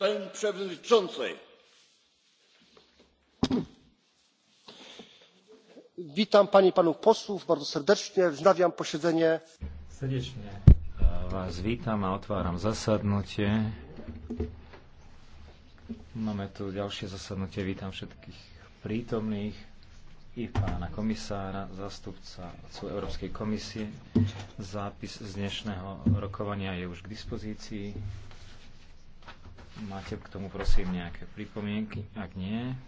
pani przewodnicząca! witam panie i panów posłów bardzo serdecznie. wznawiam posiedzenie. srdečne vás e, vítam a otváram zasadnutie. Máme tu ďalšie zasadnutie. Vítam všetkých prítomných i pána komisára, zastupca Európskej komisie. Zápis z dnešného rokovania je už k dispozícii. Máte k tomu prosím nejaké pripomienky? Ak nie,